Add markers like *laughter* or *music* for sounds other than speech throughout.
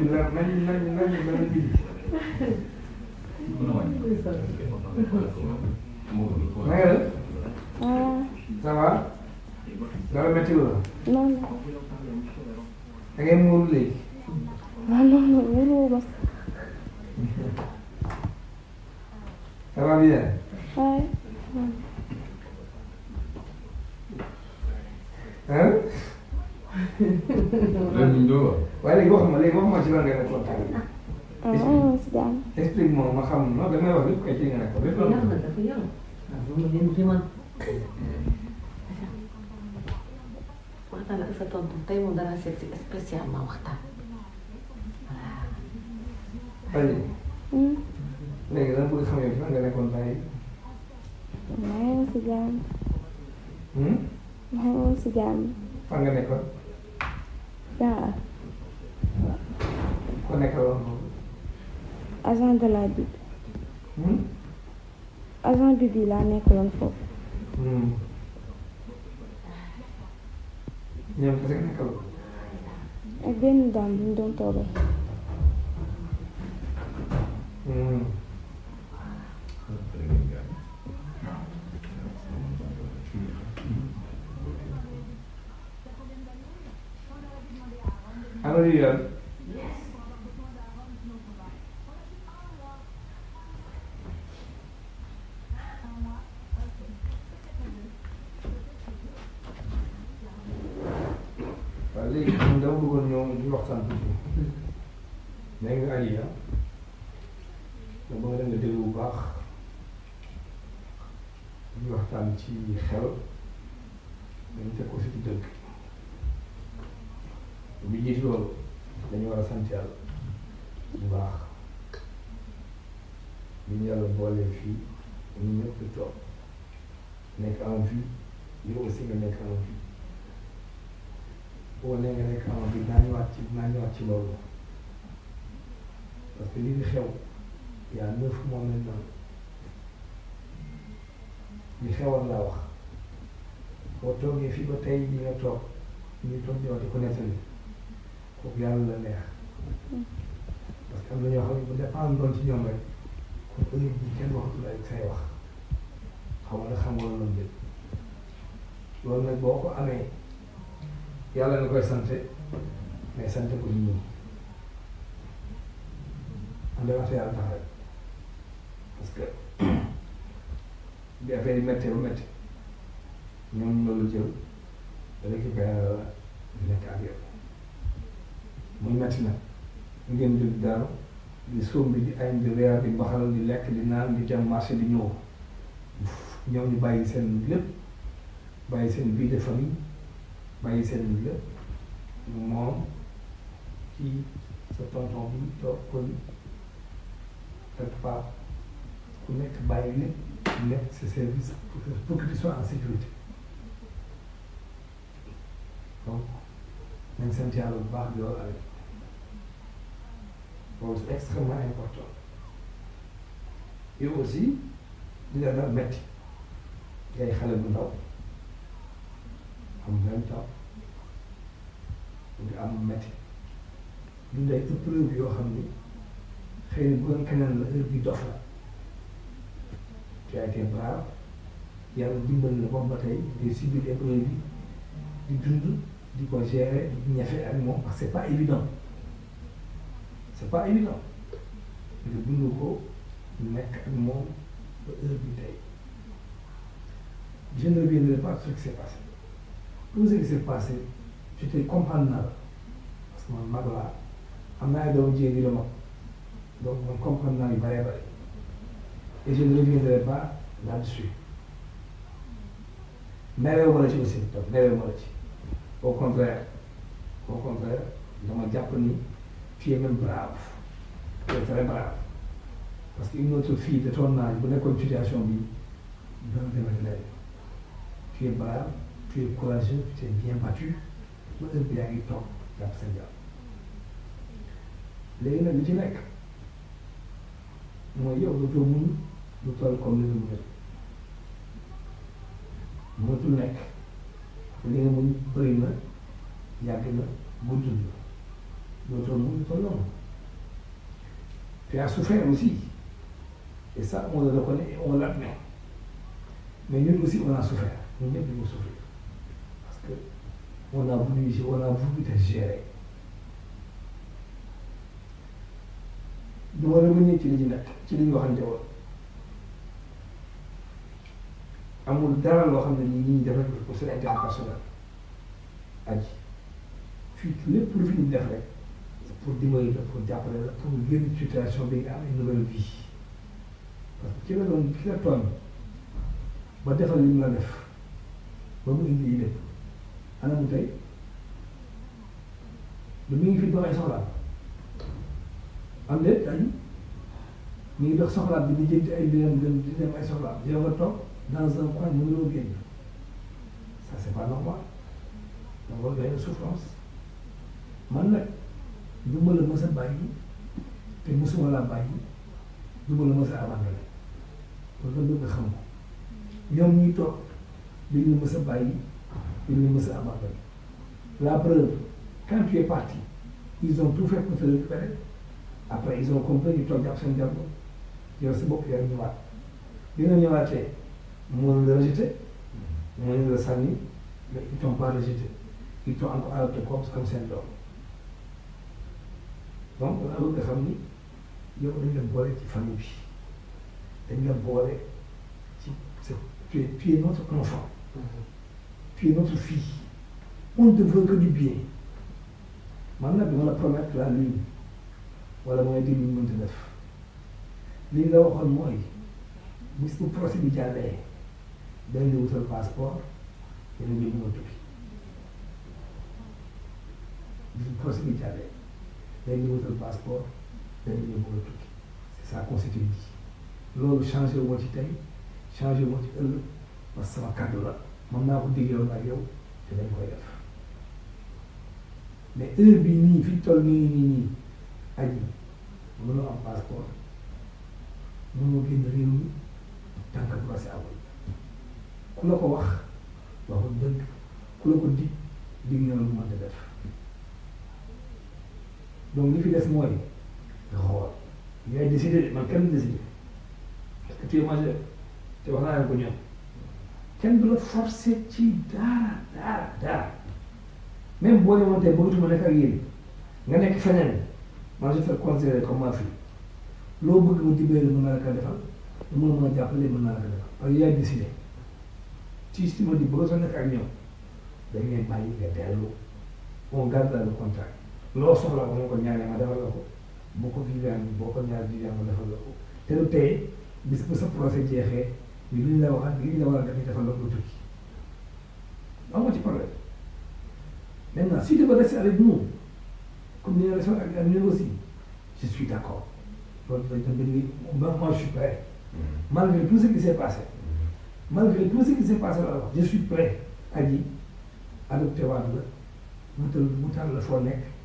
bi leer nañ nañ nañ nañ bi nanga ah. def ça va dara métti la da ngay muuru léegi waaw non non muuru ma ça va bien hein loolu doo waaye léegi wax ma léegi wax ma ci lan nga nekkoon tànn. explique moom ma xam non damay wax lépp kay ci nga nekkoon lépp loolu. dafa yoroon waaw moom si spécialement waxtaan. voilà. léegi lan bëgg xam yow ci lan nga nekkoon tànn. maa ngi woon si jàmm. maa ngi woon si ku nekk woon boobu. agent de la DID. Hmm? agent DID yi laa nekkoon foofu. ñoom hmm. kese nga nekkal ko. ak e benn dame bu ñu doon toogee. Hmm. here. waaw léegi man dama bëggoon ñëw ñu waxtaan tuuti nga Aliya ah? da ba nga dem nga déglu ci xel dañu teg ko ci dëgg loolu dañu war a sant yàlla bu baax li ñu yàlla boolee fii ñu ñëpp di toog nekk en vie yow aussi nga nekk en vie boo nee nga nekk en vie naa ñëwaat ci naa ñëwaat ci loolu parce que li di xew y a neuf mois maintenant li xewoon laa wax boo toogee fii ba tey li nga toog ñu toog ñëwaat di ko nettali kooku yàlla la que am na ñoo xam ne bu dépendre doon ci ñoom rek kooku nit ñi kenn waxatul ay say wax xaw ma xam nga loolu lépp loolu nag boo ko amee yàlla na koy sante ko nit ñi am na waxte yàlla tax rek parce que *coughs* bi affaire yi méttee bu métti ñoom loolu jël récupéré la nekk muy métti na ngeen jóg daaru di sombi di añ di reer di baxal di lekk di naan di dem marché di ñëw ñëw ñu bàyyi seen lépp bàyyi seen vie de famille bàyyi seen lépp moom ci sa tonton bi toog ko quelque part ku nekk bàyyi lépp nekk sa service pour que tu sois en sécurité donc nañ sant yàlla bu baax loolu moom c'est extrêmement important yow aussi dina la metti ngay xale bu ndaw am vingt ans am metti du lay épreuve yoo xam ni xëy na bu doon keneen la heure bi dox la tu as na ba tey di subir épreuve bi di dund di ko di ñafe ak moom parce que pas évident pas évident te dund ko nekk ak moom ba heure bi tey je ne reviendrai pas sur ce qui s'est passé tout ce qui s'est passé je te parce que man mag laa am naa ay doomu jigéen yu la mag donc man comprendre yu bëree bëri et je ne reviendrai pas là-dessus merewuma wala ci tu es même brave tu es très brave parce que une autre fille de ton âge bu nekkoon situation bi dana demati lay tu es brave tu es courageux tu es bien battu ba bi yaa ngi toog jàpp sa jàpp léegi nag li ci nekk mooy yow dootoo mun lu toll comme li nga mën mënatul nekk li nga mun bëri na de tout le monde est un homme. Puis elle a souffert aussi. Et ça, on le reconnaît et on l'admet. Mais nous aussi, on a souffert. Nous même nous souffrir. Parce que on a voulu, on a voulu te gérer. du ma revenir ci li ñu nekk ci li ñu waxante woon amul dara loo xam ne nii ñi ñu defal ko seen intérêt personnel aji fii lépp lu fi ñu def rek pour dimbali la pour jàppale la pour génn situation bi nga am une nouvelle vie parce que ki la doon ki la tooñ ba defal li mu la def ba mu indi lépp ana mu tey lu mu ngi fi doxee soxlaam am déet ay mu ngi dox soxlaam bi di jënd ay bilan di dem ay soxlaam yow nga toog dans un coin mu ngi loo génn ça c'est pas normal da nga war a gagner souffrance man nag. du ma la mës a bàyyi te mësuma laa bàyyi du ma la mës a abandonné loolu la bëgg nga xam ko ñoom ñuy toog dañuy mës a bàyyi dañuy mës a tu es parti ils ont tout fait pour te récupérer après ils ont compris ñu toog jàpp seen jàmbur yow sa bopp yaa ñëwaat bi nga ñëwaatee mënuñ la la sànni mais ils t'ont pas rejeté ils t'ont encore adopté donc daa bëgg nga xam ni yow dañ la boole ci famille bi dañ la boole ci sa tu es tu es notre enfant. Mm-hmm. tu es notre fille. bien. man nag dama la promettre la lune wala mooy di luñ mënta def li ñu la waxoon mooy bis bu procès bi jàllee dañ la wutal passeport danañ la ñëw tukki bis bu procès bi dañuy wutal passeport dañu ñëw bëgg a tukki c'est ça constitue bi loolu changé wu ma ci tey changé wu ma ci ëllëg parce que sama la mën naa ko digaloon ak yow te dañ koy def mais heure bi nii fi toll nii nii nii aji mënoo am passeport mënoo génn réew mi tant que procès ko wax waxul dëgg ku ko dig dig na lu mën def. donc li fi des mooy nga xool yaay décidé man kenn décidé parce que tu es majeur te wax naa leen ko ñoom kenn du la forcer ci dara dara dara même boo demoon tey bëggatuma nekk ak yéen nga nekk feneen man je fais considérer comme ma fille loo bëgg mu dimbali mën naa la ko defal lu mën a mën a jàppale mën naa la ko defal parce que yaay décidé ci si ma di bëggatoo nekk ak ñoom da ngeen bàyyi nga dellu on garde le contact. loo soxla bu ma ko ñaanee ma defal la ko boo ko Viviane boo ko ñaan Viviane ma defal la ko te lu tey bis bu sa procès jeexee ñu li ñu la waxaat li ñu la war a def ñu defal la ko tukki amoo ci problème maintenant si tu veux rester avec nous comme ni nga resté ak ak ñun aussi je suis d' accord loolu dañ ko bëgg moi moi je suis prêt mm-hmm. malgré tout ce qui s' est passé mm-hmm. malgré tout ce qui s' est passé là je suis prêt aji adopté waat la wutal wutal la foo nekk.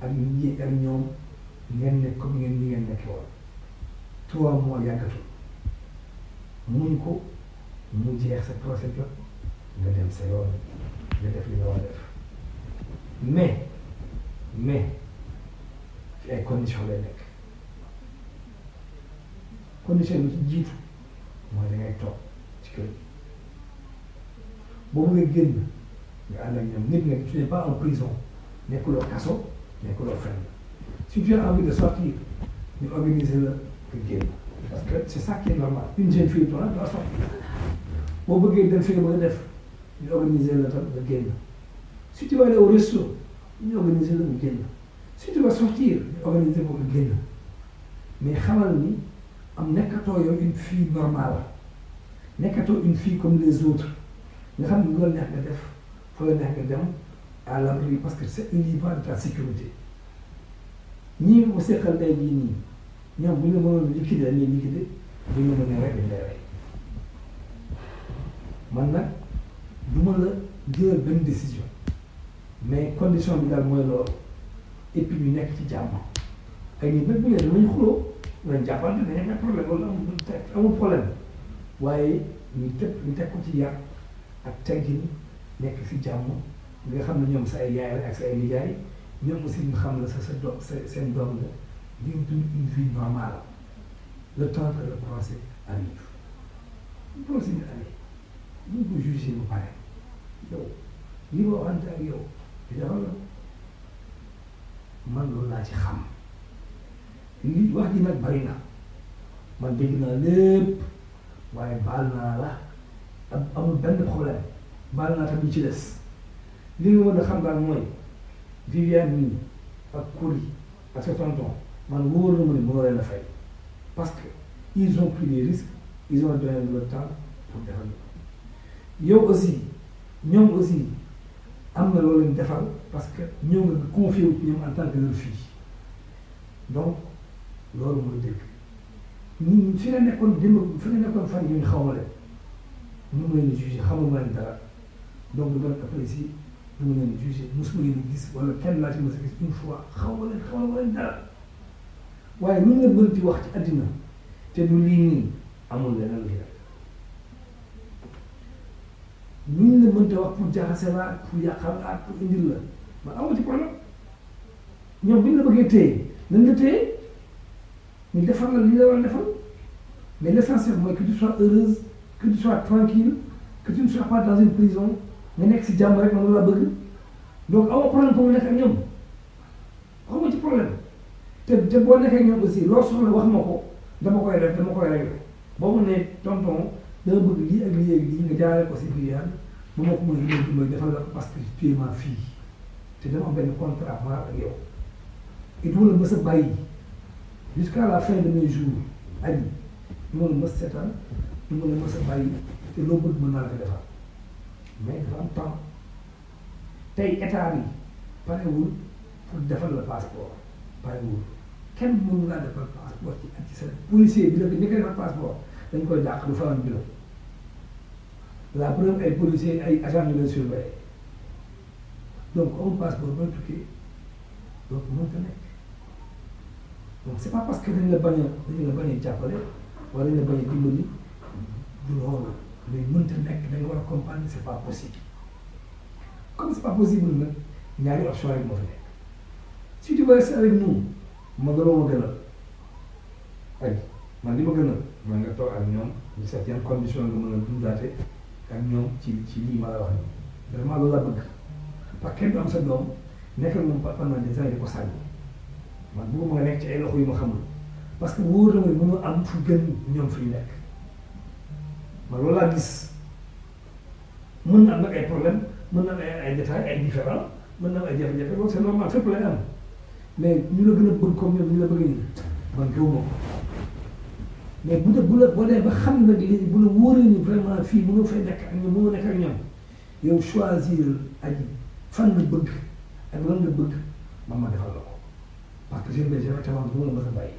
ak ñi ak ñoom ngeen ne comme ngeen ñi ngeen nekkee woon trois mois yàggatul muñ ko mu jeex sa procédure nga dem sa yoon nga li nga war a def mais mais ci ay conditions lay nekk condition bi ci jiitu mooy da ngay toog ci kër gi boobu nga génn nga ànd ak ñoom nit nga en prison nekkuloo kaso. mais ku doon si tu as envie de sortir ñu organiser la nga génn parce que c' est ça qui fi normal une jeune fille toi doit sortir boo bëggee dem fii nga def ñu organiser la tam nga génn si tu vas aller au resto ñu la nga génn si tu vas sortir ñu organiser ko nga génn mais xamal ni am nekkatoo yow une fille normale nekkatoo une fille comme les autres nga xam ne lu la neex nga def fa la dem. à l'abri parce que c'est il y va de ta sécurité ñii nga ko seqal day ni nii ñoom bu ñu la mënoon liquider la ñuy liquider bu ñu la mënee rey dañ lay rey man nag du ma la jëlal benn décision mais condition bi daal mooy loolu et puis ñu nekk ci jàmm ay nit nag bu ñu danañ xuloo danañ jàppante dañuy am problème loolu amul amul problème waaye ñu teg ñu teg ko ci yar ak teggin nekk ci jàmm. nga xam ne ñoom sa ay yaay ak sa ay nijaay ñoom aussi ñu xam la sa sa doom sa seen doom la di dund une vie normale le temps que le procès arrive le procès bi arrive ñu ko jugé ba pare yow li ma waxante ak yow di defal la man loolu laa ci xam li wax ji nag bari na man dégg naa lépp waaye baal naa la amul benn problème baal naa tamit ci des. li ñu mën xam daal mooy Viviane nii ak Coly ak sa tonton man wóor na ma ne mënoo leen a fay parce que ils ont pris des risques ils ont donné le temps pour defal yow aussi ñoom aussi am na loo leen defal parce que ñoo nga confié wu ci ñoom en tant que leur fille donc loolu mooy dëgg ñun fi nga nekkoon démb fi nga nekkoon fan yii xaw ma leen ñu ngi leen di jugé xamuma dama leen jugé mosuma leen gis wala kenn laa ci mos a gis une fois xaw ma leen xaw ma leen waaye mën nga mën di wax ci àddina te du lii nii amul leneen li rek mën nga mënta wax pour jaxase la pour yàqal la pour indil la ma amul ci problème ñoom bu ñu la bëggee téye nañ la téye la li la war a defal mais mooy que tu sois heureuse que tu sois tranquille que tu ne sois pas prison nga nekk si jàmm rek loolu laa bëgg donc amoo problème pour mu nekk ak ñoom xamoo ci problème te te boo nekkee ak ñoom aussi loo soxla wax ma ko dama koy def dama koy réglé boo mu ne tonton dama bëgg lii ak lii ak lii nga jaaree ko si biir yàlla mu ma ko mën a dimbali defal la ko fii te dama am benn contrat ma ak yow et du ma la mës a bàyyi jusqu'à la fin de mes jours aji du ma la mës seetaan a bàyyi te loo bëgg mën naa la ko 30 ans tey état bi parewul pour la passeport parewul kenn mënu laa defal passeport ci ak ci sa policier bi la ko njëkk a defal passeport dañ koy dàq du fanaan bureau la preuve ay policier ay agent de surveillance donc amul passeport boo tukkee donc mënta nekk donc c'est pas parce que dañ la bañ a la bañ a jàppale wala dañ la bañ a dimbali du loolu mais mënta nekk war a comprendre c'est pas comme c'est pas possible nag ñaari option rek moo fi nekk si tu veux rester avec nous ma gënoo ma gënal ay man li ma gënal man nga toog ak ñoom ñu seet yan condition nga mën a dundaate ak ñoom ci ci lii ma la wax nii vraiment loolu laa bëgg parce que kenn du am sa doom nekk ak moom pendant des années di ko sànni man bëgguma nga nekk ci ay loxo yu ma xamul parce que wóor na ma mënul am fu gën ñoom fi ñu nekk man loolu laa gis mën na am nag ay problème mën na am ay ay détails ay différents mën na am ay jafe-jafe loolu c'est normal fépp lay am mais ñu la gën a bëgg comme ñoom ñu la bëgg nii man gëw ma ko mais bu dee bu la boo dee ba xam nag léegi bu la wóoree ni vraiment fii mënoo fay nekk ak ñoom mënoo nekk ak ñoom yow choisir ak fan nga bëgg ak lan nga bëgg man ma defal la ko parce que j'ai des événements bu ma la mën a bàyyi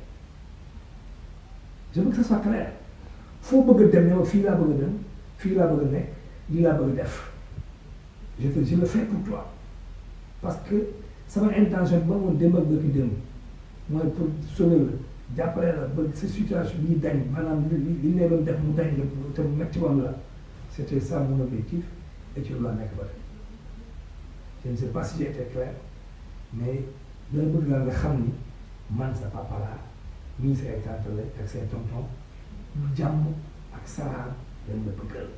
je veux que ça soit clair foo bëgg a dem yow fii laa bëgg a dem fii laa bëgg a nekk lii laa bëgg a def. je te je pour toi parce que sama intention bi ma woon démb ak bëgg démb mooy pour sauver la jàppale la ba sa situation bi dañ maanaam li li ñu def mu dañ la te mu maximum la c' était ça mon objectif et ci loolu laa nekk ba tey je ne sais pas si j'ai été clair mais dama bëgg laa nga ni man sa papa laa ñii say tante la ak say tonton lu jàmm ak salaam lañ la bëggal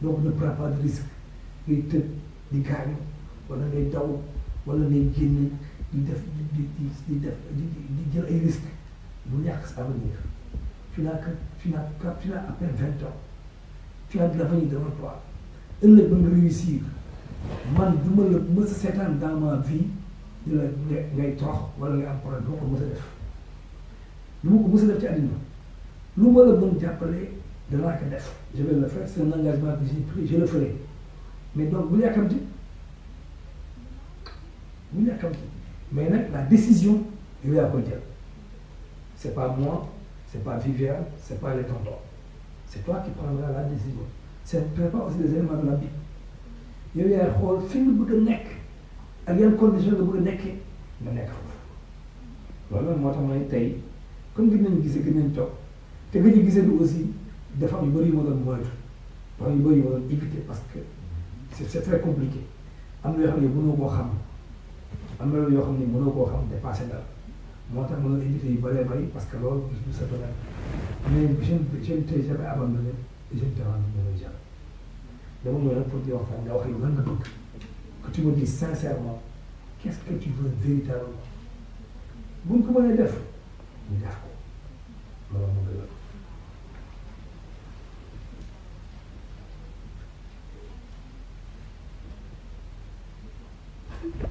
donc ne prends pas de risque. ngay tëb di gaañu wala ngay daw wala ngay génn di def di di di def di jël ay risque bu yàq sa avenir tu n'as que tu n'as que tu n'as à peine vingt ans tu as de l'avenir devant toi ëllëg ba nga réussir man du ma la mës a seetaan dans ma vie di la ngay torox wala ngay am problème du ma ko mës a def du ma ko mës a def ci àddina lu ma la mën jàppale danaa ko def je vais le faire c'est un engagement que j'ai pris je le ferai mais donc bu yàkkamti bu yàkkamti mais nag la décision yow yaa koy jël c'est pas moi c'est pas Viviane c'est pas les tontons c'est toi qui prendras la décision c'est prépare aussi les éléments de la vie yow yaay xool fi nga bëgg a nekk ak yan condition nga bëgg a nekkee nga nekk foofu loolu moo tax mooy tey comme gën nañu gisee gën nañu toog te gën ñu gisee bi aussi dafa am yu bëri yu ma doon moytu dafa am yu bëri yu ma éviter parce que c'est très compliqué am na yoo xam ne mënoo koo xam am na yoo xam ne mënoo koo xam dépassé na moo tax mënoo invité yu bëree bëri parce que loolu du sa domaine mais je ne je ne t'ai jamais abandonné je ne t'abandonnerai jamais dama ñëw nag pour di waxtaan nga wax yow lan nga bëgg que tu me dis sincèrement qu'est-ce que tu veux véritablement bu ñu ko mënee def ñu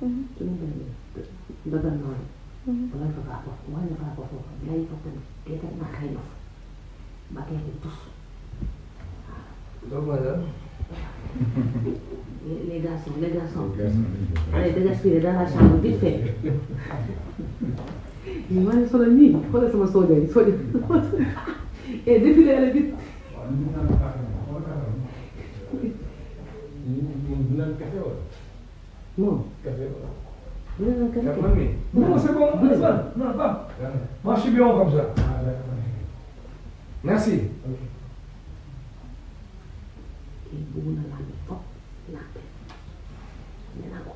힘들어요. 너도 너 그래서 가고 원래 가고 내일 조금 대단 나가요. 막에 붙어. 너무하다. Les garçons, les garçons. Allez, dégagez, dans la chambre, vite fait. Moi, je suis là, xoolal sama sooja yi sooja. Et défilé la vite. ñu naan kafe woon. Non. Non, c'est bon, non, pas. Moi, je suis bien comme ça. Merci. bëgg na laaj fop laajte nee naa ko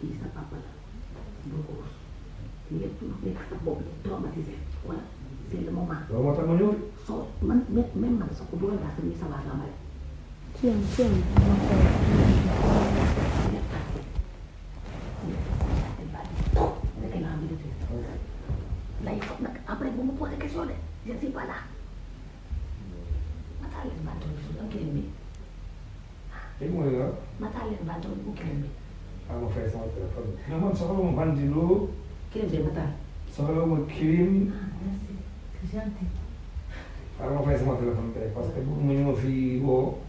kii sa papa la bul ko wus lépp lu nekk sa bopp traumatisé wala c'est le moment. loolu moo tax ma ñëw. soo man même man soo ko bëggoon daa sama sa waa 这样这样他们会。lay foog nag après bu mu posé question de je ne suis pas là mataa leen baatoo bi am kilim bi. léegi mooy la. mataa leen baatoo bu kilim bi. ah ma fay sama téléphone. mais man soxla ma bandilu. kilim de mataa. soxla ma kilim. merci c'est gentil. ah ma fay sama téléphone tey parce que bu mu ñëw fii woo.